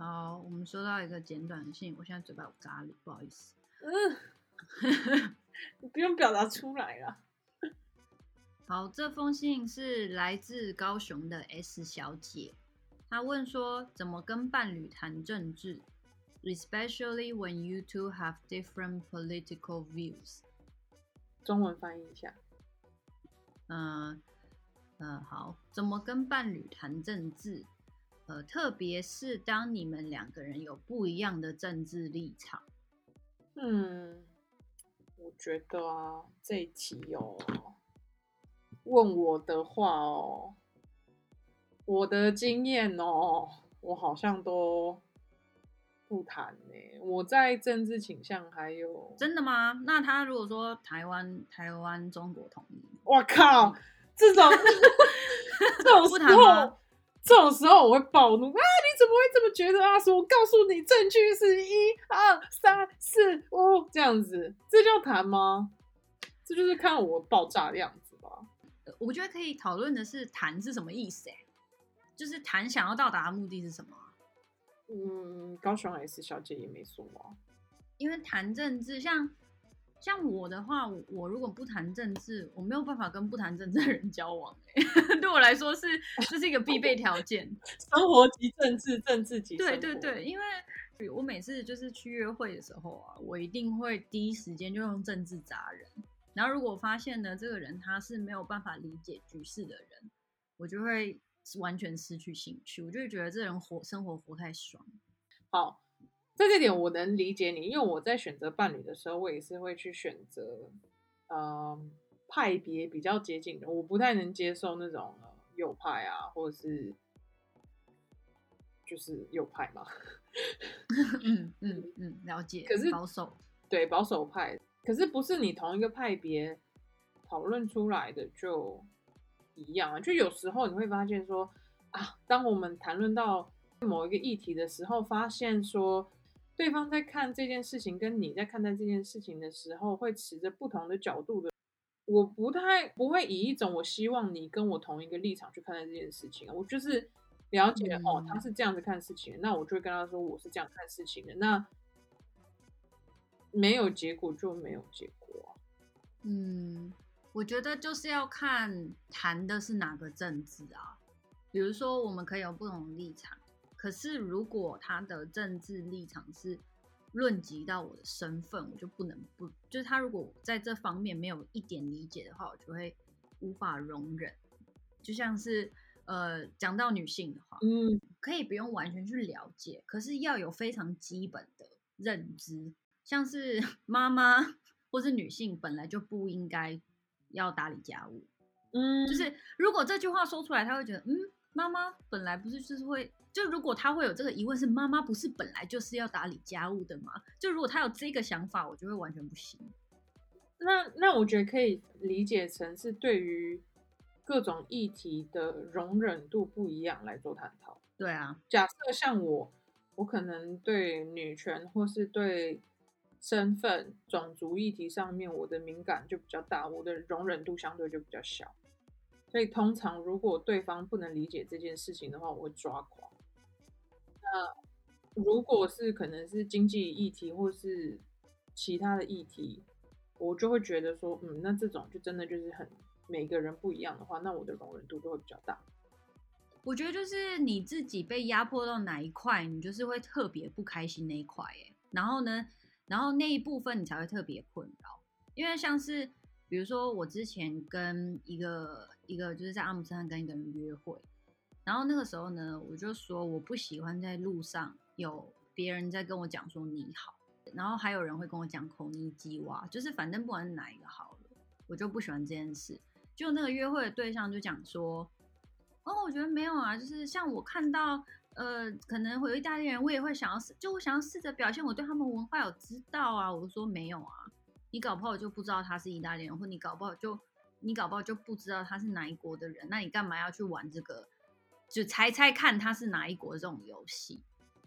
好，我們收到一個簡短信，我現在嘴巴有渣子，不好意思。嗯、呃， 你不用表達出來了。好，這封信是來自高雄的 S 小姐，她問說，怎麼跟伴侶談政治，especially when you two have different political views，中文翻譯一下，嗯嗯、呃呃，好，怎麼跟伴侶談政治？特別是當你們兩個人有不一樣的政治立場，嗯，我覺得啊，這一期有、哦、問我的話哦，我的經驗哦，我好像都不談呢、欸。我在政治傾向還有真的嗎？那他如果說台灣台灣中國統一，我靠，這種 這種不談這種時候我會暴怒啊！你怎麼會這麼覺得啊？我告訴你，證據是一二三四五這樣子，這叫談嗎？這就是看我爆炸的樣子吧？我覺得可以討論的是談是什麼意思？哎，就是談想要到達的目的是什麼？嗯，高雄 S 小姐也沒說啊，因為談政治像。像我的話，我如果不談政治，我沒有辦法跟不談政治的人交往，欸。 對我來說是，是這是一個必備條件， 生活即政治，政治即生活。對對對，因為我每次就是去約會的時候啊，我一定會第一時間就用政治砸人。然後如果發現呢，這個人他是沒有辦法理解局勢的人，我就會完全失去興趣，我就會覺得這人活生活活太爽。好。在這一點，我能理解你，因為我在選擇伴侶的時候，我也是會去選擇，呃，派別比較接近的。我不太能接受那種右派啊，或者是就是右派嘛。嗯嗯嗯，了解。可是保守，對保守派，可是不是你同一個派別討論出來的就一樣啊？就有時候你會發現說啊，當我們談論到某一個議題的時候，發現說。對方在看這件事情，跟你在看待這件事情的時候，會持着不同的角度的。我不太，不會以一種我希望你跟我同一個立場去看待這件事情。我就是了解了，嗯，哦，他是這樣子看事情，那我就會跟他說我是這樣看事情的。那沒有結果就沒有結果。嗯，我覺得就是要看談的是哪個政治啊。比如說，我們可以有不同立場。可是，如果他的政治立場是論及到我的身份，我就不能不，就是他如果在這方面沒有一點理解的話，我就會無法容忍。就像是呃，講到女性的話，嗯，可以不用完全去了解，可是要有非常基本的認知，像是媽媽或是女性本來就不應該要打理家務，嗯，就是如果這句話說出來，他會覺得嗯。媽媽本來不是就是會，就如果他會有這個疑問，是媽媽不是本來就是要打理家務的嗎？就如果他有這個想法，我就會完全不行。那那我覺得可以理解成是對於各種議題的容忍度不一樣來做探討。對啊，假設像我，我可能對女權或是對身份、種族議題上面，我的敏感就比較大，我的容忍度相對就比較小。所以通常，如果對方不能理解這件事情的話，我會抓狂。那如果是可能是經濟議題或是其他的議題，我就會覺得說，嗯，那這種就真的就是很每個人不一樣的話，那我的容忍度就會比較大。我覺得就是你自己被壓迫到哪一塊，你就是會特別不開心那一塊，哎，然後呢，然後那一部分你才會特別困擾。因為像是比如說我之前跟一個一個就是在阿姆斯特丹跟一個人約會，然後那個時候呢，我就說我不喜歡在路上有別人在跟我講說你好，然後還有人會跟我講孔尼基娃，就是反正不管是哪一個好了，我就不喜歡這件事。就那個約會的對象就講說，哦，我覺得沒有啊，就是像我看到呃，可能會有意大利人，我也會想要試，就我想要試着表現我對他們文化有知道啊。我說沒有啊，你搞不好就不知道他是意大利人，或你搞不好就。你搞不好就不知道他是哪一國的人，那你幹嘛要去玩這個？就猜猜看他是哪一國的這種遊戲。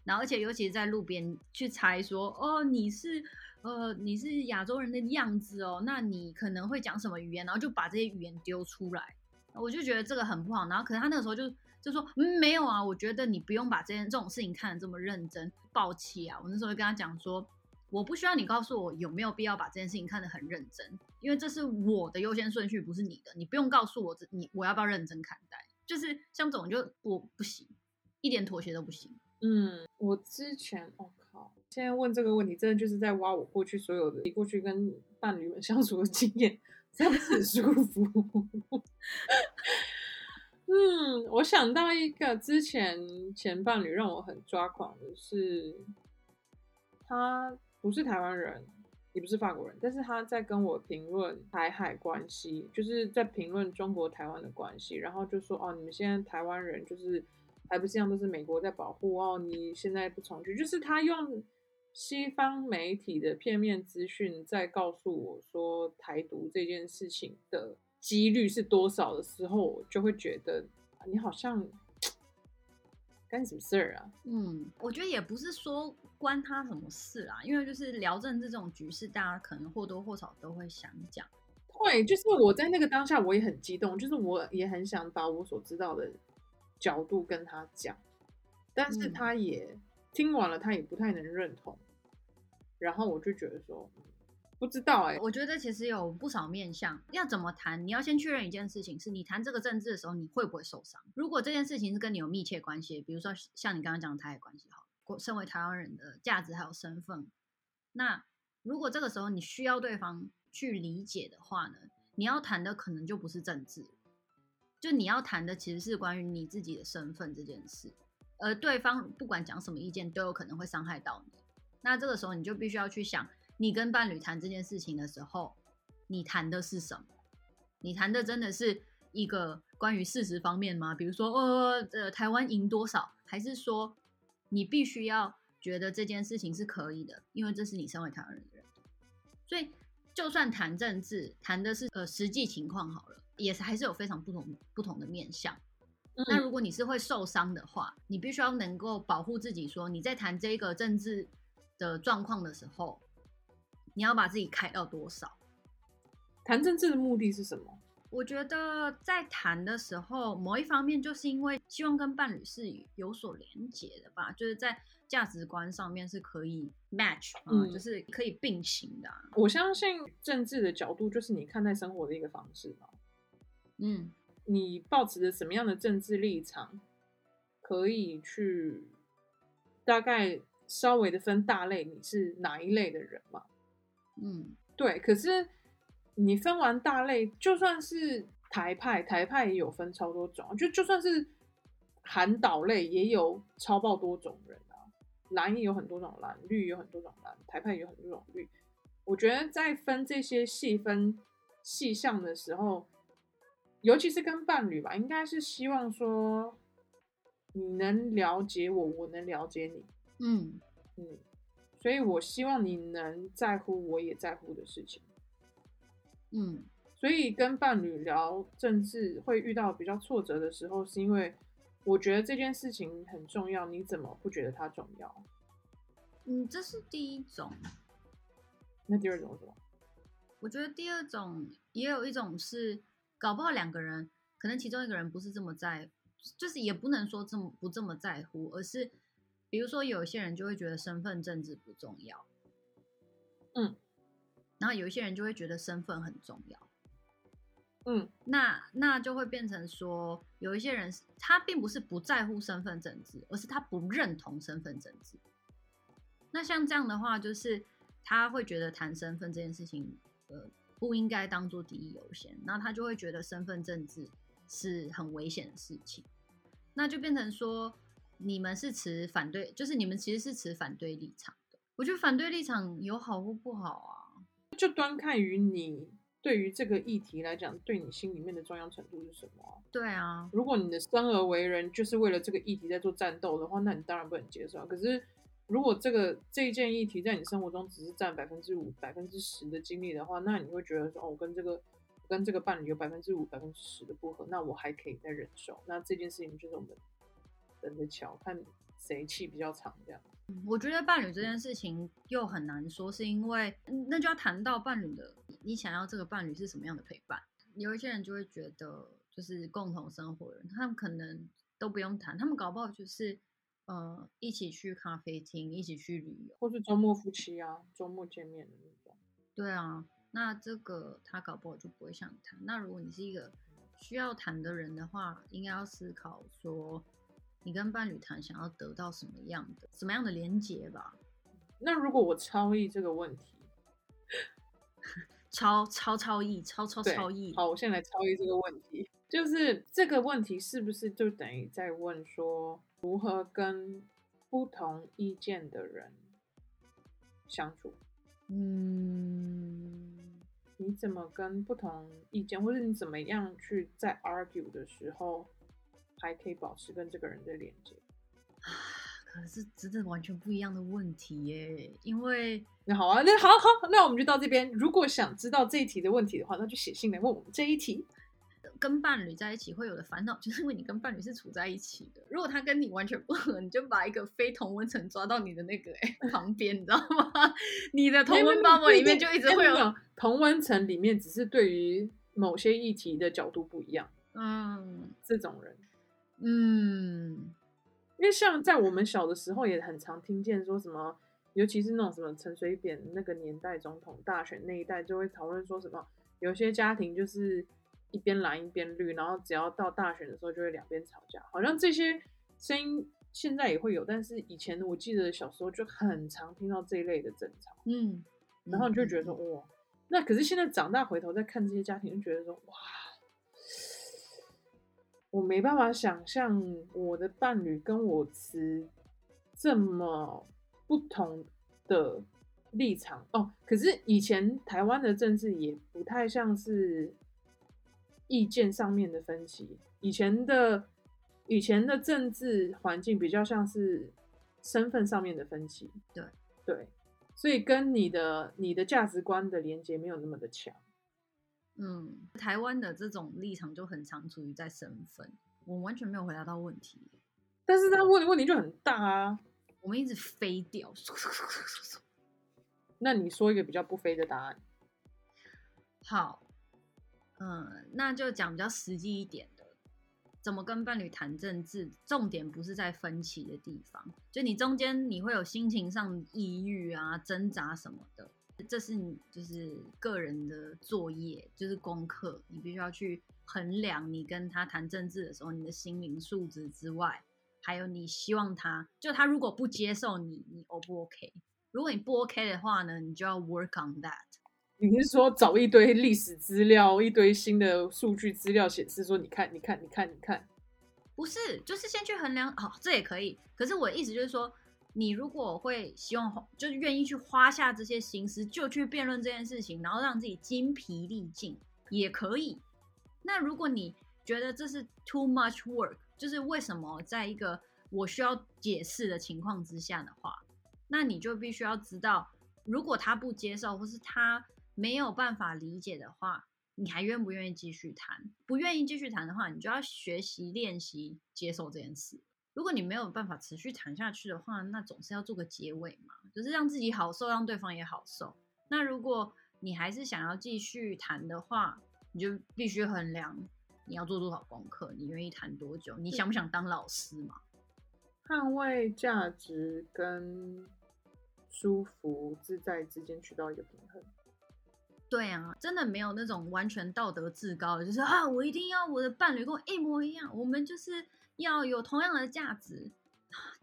然後，而且尤其是在路邊去猜說，哦，你是呃，你是亞洲人的樣子哦，那你可能會講什麼語言，然後就把這些語言丟出來。我就覺得這個很不好。然後，可能他那個時候就就說，嗯，沒有啊，我覺得你不用把這件這種事情看得這麼認真、爆氣啊。我那時候跟他講說。我不需要你告訴我有沒有必要把這件事情看得很認真，因為這是我的優先順序，不是你的。你不用告訴我你我要不要認真看待，就是像這種就我不行，一點妥協都不行。嗯，我之前我、哦、靠，現在問這個問題，真的就是在挖我過去所有的，你過去跟伴侶們相處的經驗，這樣子很舒服。 嗯，我想到一個之前前伴侶讓我很抓狂的是，他不是台灣人，也不是法國人，但是他在跟我評論台海關係，就是在評論中國台灣的關係，然後就說哦，你們現在台灣人就是還不是一樣，都是美國在保護哦，你現在不從軍，就是他用西方媒體的片面資訊在告訴我說台獨這件事情的幾率是多少的時候，我就會覺得，啊，你好像。幹什麼事啊？嗯，我覺得也不是說關他什麼事啊，因為就是聊政治這種局勢，大家可能或多或少都會想講。對，就是我在那個當下，我也很激動，就是我也很想把我所知道的角度跟他講，但是他也、嗯、聽完了，他也不太能認同，然後我就覺得說。不知道誒、欸，我覺得其實有不少面向要怎麼談。你要先確認一件事情，是你談這個政治的時候，你會不會受傷？如果這件事情是跟你有密切關係，比如說像你剛剛講的台海關係哈，身為台灣人的價值還有身份，那如果這個時候你需要對方去理解的話呢，你要談的可能就不是政治，就你要談的其實是關於你自己的身份這件事。而對方不管講什麼意見，都有可能會傷害到你。那這個時候你就必須要去想。你跟伴侶談這件事情的時候，你談的是什麼？你談的真的是一個關於事實方面嗎？比如說，哦、呃，台灣贏多少，還是說你必須要覺得這件事情是可以的，因為這是你身為台灣人的人。所以，就算談政治，談的是呃實際情況好了，也是還是有非常不同不同的面向。那、嗯、如果你是會受傷的話，你必須要能夠保護自己說，說你在談這一個政治的狀況的時候。你要把自己開到多少？談政治的目的是什麼？我覺得在談的時候，某一方面就是因為希望跟伴侶是有所連結的吧，就是在價值觀上面是可以 match，嗯，就是可以並行的啊。我相信政治的角度就是你看待生活的一個方式嘛。嗯，你抱持著什麼樣的政治立場？可以去大概稍微的分大類，你是哪一類的人嘛？嗯，對，可是你分完大類，就算是台派，台派也有分超多種，就就算是韓島類也有超爆多種人啊，藍也有很多種藍，綠也有很多種藍，台派也有很多種綠。我覺得在分這些細分細項的時候，尤其是跟伴侶吧，應該是希望說你能了解我，我能了解你。嗯嗯。嗯所以，我希望你能在乎，我也在乎的事情。嗯，所以跟伴侶聊政治會遇到比較挫折的時候，是因為我覺得這件事情很重要，你怎麼不覺得它重要？嗯，這是第一種。那第二種是什麼？我覺得第二種也有一種是，搞不好兩個人可能其中一個人不是這麼在，就是也不能說這麼不這麼在乎，而是。比如說，有一些人就會覺得身份政治不重要，嗯，然後有一些人就會覺得身份很重要，嗯，那那就會變成說，有一些人他並不是不在乎身份政治，而是他不認同身份政治。那像這樣的話，就是他會覺得談身份這件事情，呃，不應該當做第一優先，那他就會覺得身份政治是很危險的事情，那就變成說。你們是持反對，就是你們其實是持反對立場的。我覺得反對立場有好或不好啊，就端看於你對於這個議題來講，對你心裡面的重要程度是什麼。對啊，如果你的生而為人就是為了這個議題在做戰鬥的話，那你當然不能接受。可是如果這個這一件議題在你生活中只是佔百分之五、百分之十的精力的話，那你會覺得說，哦，我跟這個我跟這個伴侶有百分之五、百分之十的不合，那我還可以再忍受。那這件事情就是我們。的，看誰氣比較長這樣，我覺得伴侶這件事情又很難說，是因為那就要談到伴侶的，你想要這個伴侶是什麼樣的陪伴？有一些人就會覺得就是共同生活的人，他們可能都不用談，他們搞不好就是、呃、一起去咖啡廳，一起去旅遊，或是周末夫妻啊，周末見面的那種，對啊，那這個他搞不好就不會想談。那如果你是一個需要談的人的話，應該要思考說。你跟伴侶談想要得到什麼樣的，什麼樣的連結吧。那如果我超譯這個問題，超超超譯，超超超譯。好，我現在來超譯這個問題，就是這個問題是不是就等於在問說，如何跟不同意見的人相處？嗯，你怎麼跟不同意見，或者你怎麼樣去在 argue 的時候？還可以保持跟這個人的連接啊，可是真的完全不一樣的問題耶。因為那好啊，那好、啊、好、啊，那我們就到這邊。如果想知道這一題的問題的話，那就寫信來問我們這一題。跟伴侶在一起會有的煩惱，就是因為你跟伴侶是處在一起的。如果他跟你完全不合，你就把一個非同溫層抓到你的那個 旁邊，你知道嗎？你的同溫包膜裡面一就一直會有，、欸、有同溫層裡面，只是對於某些議題的角度不一樣。嗯，這種人。嗯，因為像在我們小的時候，也很常聽見說什麼，尤其是那種什麼陳水扁那個年代總統大選那一代，就會討論說什麼有些家庭就是一邊藍一邊綠，然後只要到大選的時候就會兩邊吵架。好像這些聲音現在也會有，但是以前我記得小時候就很常聽到這一類的爭吵。嗯，然後你就覺得說哇，那可是現在長大回頭再看這些家庭，就覺得說哇。我沒辦法想象我的伴侶跟我持這麼不同的立場哦。可是以前台灣的政治也不太像是意見上面的分歧，以前的以前的政治環境比較像是身份上面的分歧。對對，所以跟你的你的價值觀的連接沒有那麼的強。嗯，台灣的這種立場就很常處於在身份，我完全沒有回答到問題。但是他問的問題就很大啊，我們一直飛掉。 那你說一個比較不飛的答案。好，嗯，那就講比較實際一點的，怎麼跟伴侶談政治？重點不是在分歧的地方，就你中間你會有心情上抑鬱啊、掙扎什麼的。這是你就是個人的作業，就是功課，你必須要去衡量，你跟他談政治的時候，你的心靈素質之外，還有你希望他就他如果不接受你，你 O 不 OK？如果你不 OK 的話呢，你就要 work on that。你是說找一堆歷史資料，一堆新的數據資料，顯示說你看你看你看你看，你看你看不是，就是先去衡量哦，這也可以。可是我的意思就是說，你如果會希望，就是願意去花下這些心思，就去辯論這件事情，然後讓自己精疲力盡，也可以。那如果你覺得這是 too much work，就是為什麼在一個我需要解釋的情況之下的話，那你就必須要知道，如果他不接受，或是他沒有辦法理解的話，你還願不願意繼續談？不願意繼續談的話，你就要學習練習接受這件事。如果你沒有辦法持續談下去的話，那總是要做個結尾嘛，就是讓自己好受，讓對方也好受。那如果你還是想要繼續談的話，你就必須衡量你要做多少功課，你願意談多久，你想不想當老師嘛？捍衛價值跟舒服自在之間取到一個平衡。對啊，真的沒有那種完全道德至高的，就是啊，我一定要我的伴侶跟我一模一樣，我們就是。要有同樣的價值，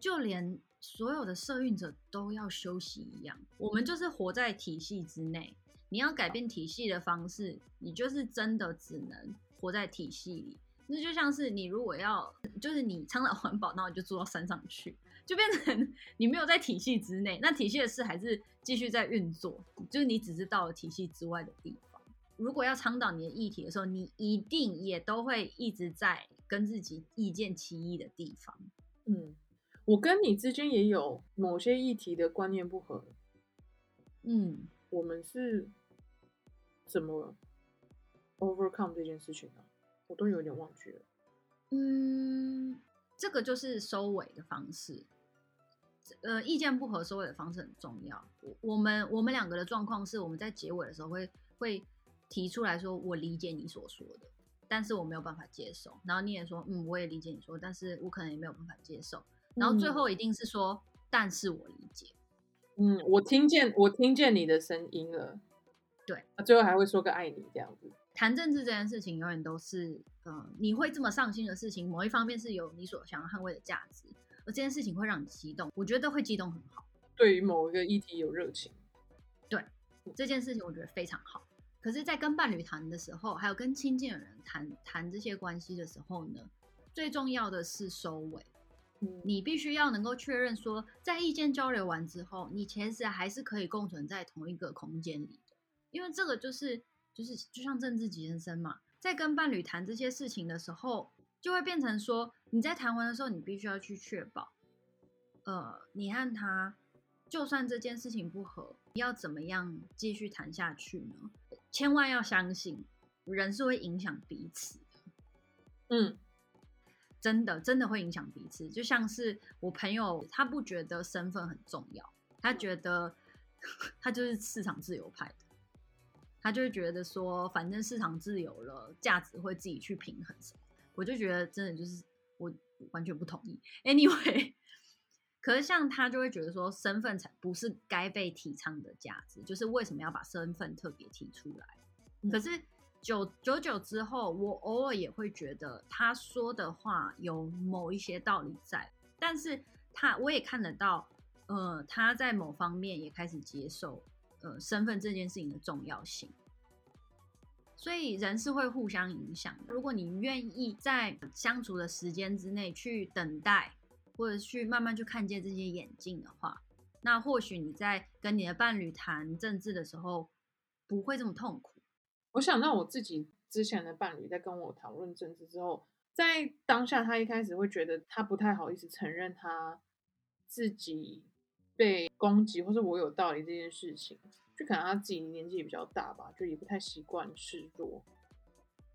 就連所有的社運者都要休息一樣。我們就是活在體系之內。你要改變體系的方式，你就是真的只能活在體系裡。那就像是你如果要，就是你倡導環保，那你就住到山上去，就變成你沒有在體系之內。那體系的事還是繼續在運作，就是你只是到了體系之外的地方。如果要倡導你的議題的時候，你一定也都會一直在。跟自己意見歧異的地方，嗯，我跟你之間也有某些議題的觀念不合，嗯，我們是怎麼 overcome 這件事情呢？啊，我都有點忘記了。嗯，這個就是收尾的方式，呃，意見不合收尾的方式很重要。我我們我們兩個的狀況是，我們在結尾的時候會會提出來說，我理解你所說的。但是我沒有辦法接受，然後你也說，嗯，我也理解你說，但是我可能也沒有辦法接受，然後最後一定是說，嗯、但是我理解，嗯，我聽見，我聽見你的聲音了，對，最後還會說個愛你這樣子。談政治這件事情永遠都是，嗯、呃，你會這麼上心的事情，某一方面是有你所想要捍衛的價值，而這件事情會讓你激動，我覺得會激動很好。對於某一個議題有熱情，對，這件事情我覺得非常好。可是，在跟伴侶談的時候，還有跟親近的人談談這些關係的時候呢，最重要的是收尾。你必須要能夠確認說，在意見交流完之後，你其實還是可以共存在同一個空間裡的。因為這個就是就是就像政治即人生嘛，在跟伴侶談這些事情的時候，就會變成說你在談完的時候，你必須要去確保，呃，你和他就算這件事情不合，你要怎麼樣繼續談下去呢？千萬要相信，人是會影響彼此。嗯，真的，真的會影響彼此。就像是我朋友，他不覺得身份很重要，他覺得他就是市場自由派的，他就覺得說，反正市場自由了，價值會自己去平衡。我就覺得，真的就是我，我完全不同意。Anyway。可是，像他就會覺得說，身份才不是該被提倡的價值，就是為什麼要把身份特別提出來？嗯、可是久，久久久之後，我偶爾也會覺得他說的話有某一些道理在，但是他我也看得到，呃，他在某方面也開始接受，呃，身份這件事情的重要性。所以，人是會互相影響的，如果你願意在相處的時間之內去等待。或者去慢慢去看見這些眼鏡的話，那或許你在跟你的伴侶談政治的時候，不會這麼痛苦。我想到我自己之前的伴侶在跟我討論政治之後，在當下他一開始會覺得他不太好意思承認他自己被攻擊，或是我有道理這件事情，就可能他自己年紀也比較大吧，就也不太習慣示弱。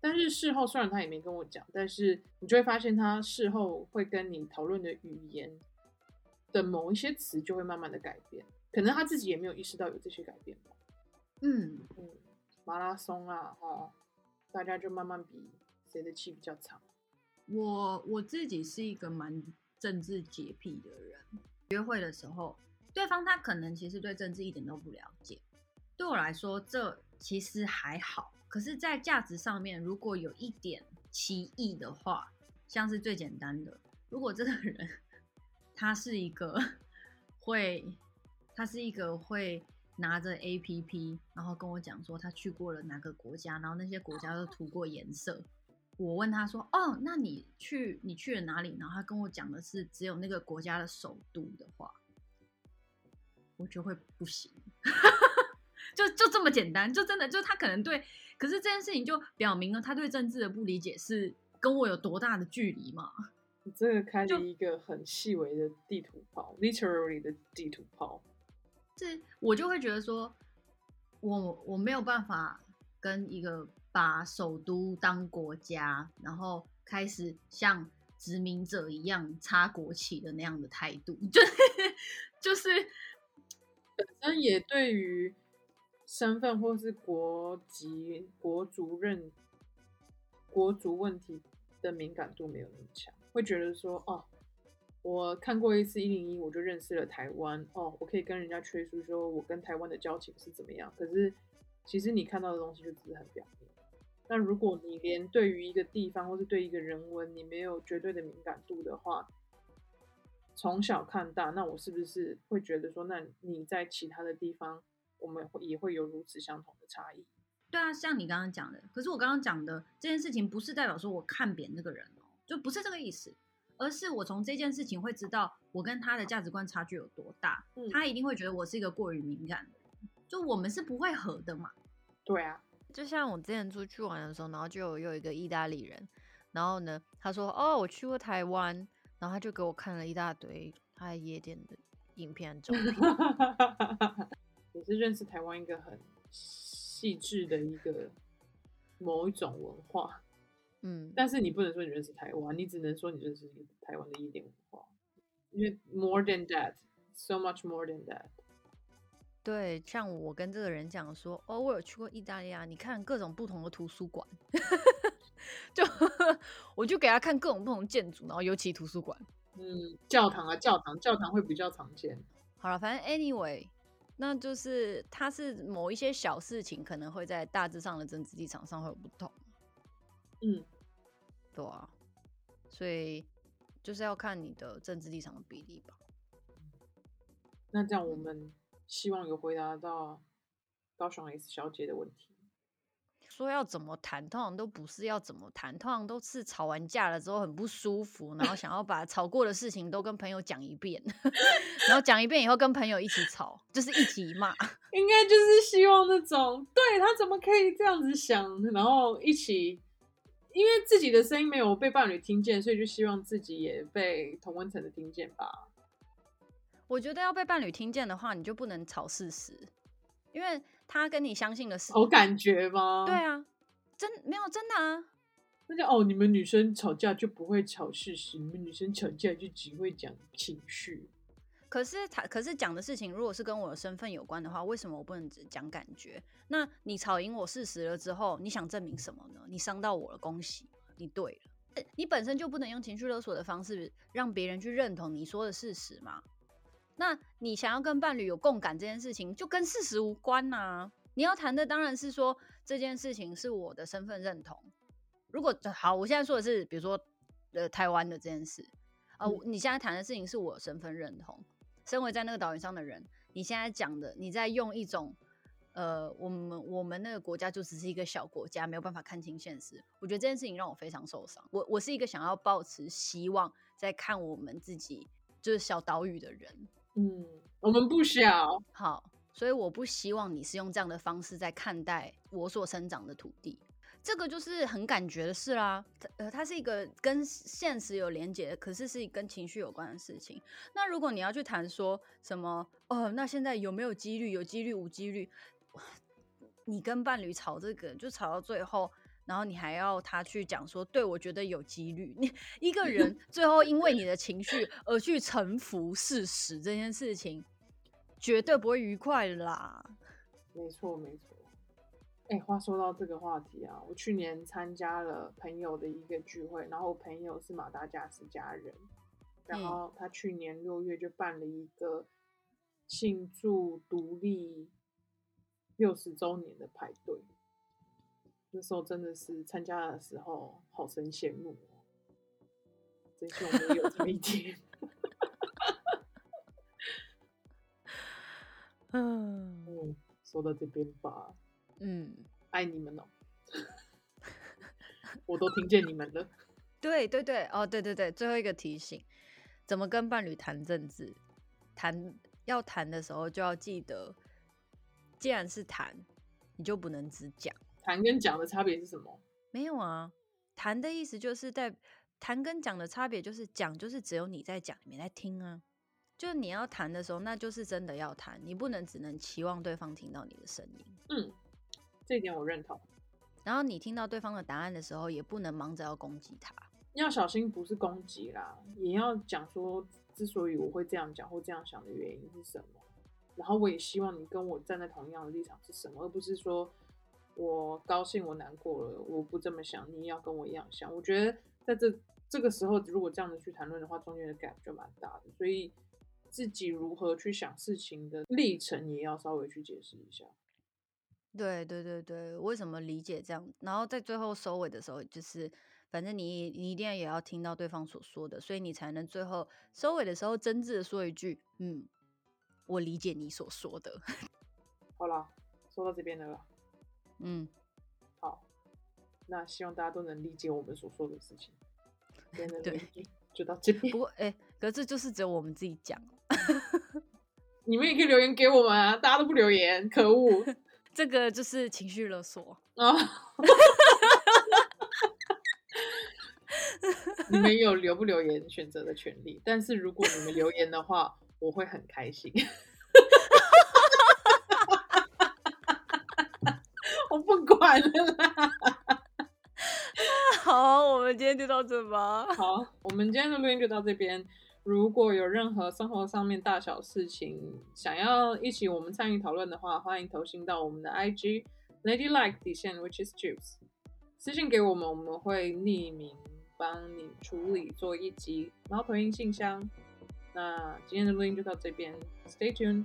但是事後雖然他也沒跟我講，但是你就會發現他事後會跟你討論的語言的某一些詞就會慢慢的改變，可能他自己也沒有意識到有這些改變吧。嗯嗯，馬拉松啊，哦，大家就慢慢比誰的氣比較長。我我自己是一個蠻政治潔癖的人，約會的時候，對方他可能其實對政治一點都不了解，對我來說這其實還好。可是，在價值上面，如果有一點歧義的話，像是最簡單的，如果這個人他是一個會，他是一個會拿着 APP，然後跟我講說他去過了哪個國家，然後那些國家都塗過顏色，我問他說，哦，那你去你去了哪裡？然後他跟我講的是只有那個國家的首都的話，我就會不行。 就就這麼簡單，就真的，就他可能對，可是這件事情就表明了他對政治的不理解是跟我有多大的距離嘛？你這個開了一個很細微的地圖炮就，literally 的地圖炮。這我就會覺得說，我我沒有辦法跟一個把首都當國家，然後開始像殖民者一樣插國旗的那樣的態度，就就是本身也對於。身份或是國籍、國族認、國族問題的敏感度沒有那麼強，會覺得說哦，我看過一次一零一，我就認識了台灣哦，我可以跟人家吹噓說我跟台灣的交情是怎麼樣。可是其實你看到的東西就只是很表面。那如果你連對於一個地方或是對一個人文你沒有絕對的敏感度的話，從小看大，那我是不是會覺得說，那你在其他的地方，我們會也會有如此相同的差異，對啊，像你剛剛講的，可是我剛剛講的這件事情不是代表說我看扁那個人哦、喔，就不是這個意思，而是我從這件事情會知道我跟他的價值觀差距有多大，嗯、他一定會覺得我是一個過於敏感的人，就我們是不會合的嘛。對啊，就像我之前出去玩的時候，然後就有一個意大利人，然後呢，他說哦，我去過台灣，然後他就給我看了一大堆他的夜店的影片中片。 你是認識台灣一個很細緻的一個某一種文化，嗯，但是你不能說你認識台灣，你只能說你認識台灣的一點文化，因為 more than that，so much more than that。對，像我跟這個人講說，哦，我有去過意大利，你看各種不同的圖書館， 就我就給他看各種不同的建築，然後尤其圖書館，嗯，教堂啊，教堂，教堂會比較常見。好了，反正 anyway。那就是他是某一些小事情可能會在大致上的政治立場上會有不同，嗯，對啊，所以就是要看你的政治立場的比例吧。那這樣我們希望有回答到高雄 S 小姐的問題。說要怎麼談，通常都不是要怎麼談，通常都是吵完架了之後很不舒服，然後想要把吵過的事情都跟朋友講一遍， 然後講一遍以後跟朋友一起吵，就是一起罵。 應該就是希望那種，對他怎麼可以這樣子想，然後一起，因為自己的聲音沒有被伴侶聽見，所以就希望自己也被同溫層的聽見吧。我覺得要被伴侶聽見的話，你就不能吵事實，因為。他跟你相信的是有感覺嗎？對啊，真沒有真的啊。那就哦，你們女生吵架就不會吵事實，你們女生吵架就只會講情緒。可是他，可是講的事情如果是跟我的身份有關的話，為什麼我不能只講感覺？那你吵贏我事實了之後，你想證明什麼呢？你傷到我了，恭喜你對了、欸。你本身就不能用情緒勒索的方式讓別人去認同你說的事實嗎？那你想要跟伴侶有共感這件事情，就跟事實無關吶、啊。你要談的當然是說這件事情是我的身份認同。如果好，我現在說的是，比如說呃台灣的這件事，呃、嗯、你現在談的事情是我身份認同，身為在那個島嶼上的人，你現在講的，你在用一種呃我們我們那個國家就只是一個小國家，沒有辦法看清現實。我覺得這件事情讓我非常受傷。我我是一個想要抱持希望，在看我們自己就是小島嶼的人。嗯，我們不小。好，所以我不希望你是用這樣的方式在看待我所生長的土地。這個就是很感覺的事啦，呃，它是一個跟現實有連結，可是是跟情緒有關的事情。那如果你要去談說什麼，哦、呃，那現在有沒有幾率？有幾率無幾率？你跟伴侶吵這個，就吵到最後。然後你還要他去講說，對我覺得有幾率。你一個人最後因為你的情緒而去臣服事實這件事情，絕對不會愉快啦。沒錯沒錯。哎、欸，話說到這個話題啊，我去年參加了朋友的一個聚會，然後朋友是馬達加斯加人，然後他去年六月就辦了一個慶祝獨立六十周年的派對。那時候真的是參加的時候，好生羨慕哦、喔！真希望有這一天。 嗯，說到這邊吧。嗯，愛你們哦、喔！ 我都聽見你們了。 對對對，哦，對對對，最後一個提醒：怎麼跟伴侶談政治？談要談的時候，就要記得，既然是談，你就不能只講。談跟講的差別是什麼？沒有啊，談的意思就是在談跟講的差別就是講就是只有你在講，裡面在聽啊。就你要談的時候，那就是真的要談，你不能只能期望對方聽到你的聲音。嗯，這一點我認同。然後你聽到對方的答案的時候，也不能忙着要攻擊他，要小心不是攻擊啦，也要講說，之所以我會這樣講或這樣想的原因是什麼？然後我也希望你跟我站在同一樣的立場是什麼，而不是說。我高興，我難過了，我不這麼想，你要跟我一樣想。我覺得在這這個時候，如果這樣子去談論的話，中間的 gap 就蠻大的。所以自己如何去想事情的歷程，也要稍微去解釋一下。對對對對，為什麼理解這樣？然後在最後收尾的時候，就是反正你你一定要也要聽到對方所說的，所以你才能最後收尾的時候真摯的說一句：“嗯，我理解你所說的。”好了，說到這邊的了。嗯，好，那希望大家都能理解我們所說的事情。對，就到這邊。不過哎，可是、欸、這就是只有我們自己講， 你們也可以留言給我們啊。大家都不留言，可惡！這個就是情緒勒索啊！哦、 你們有留不留言選擇的權利，但是如果你們留言的話， 我會很開心。 好，我們今天就到這吧。好，我們今天的錄音就到這邊。如果有任何生活上面大小事情想要一起我們參與討論的話，歡迎投信到我們的 IG ladylike 底線，witchesjuice，私信給我們，我們會匿名幫你處理做一集貓頭鷹信箱。那今天的錄音就到這邊，Stay tuned，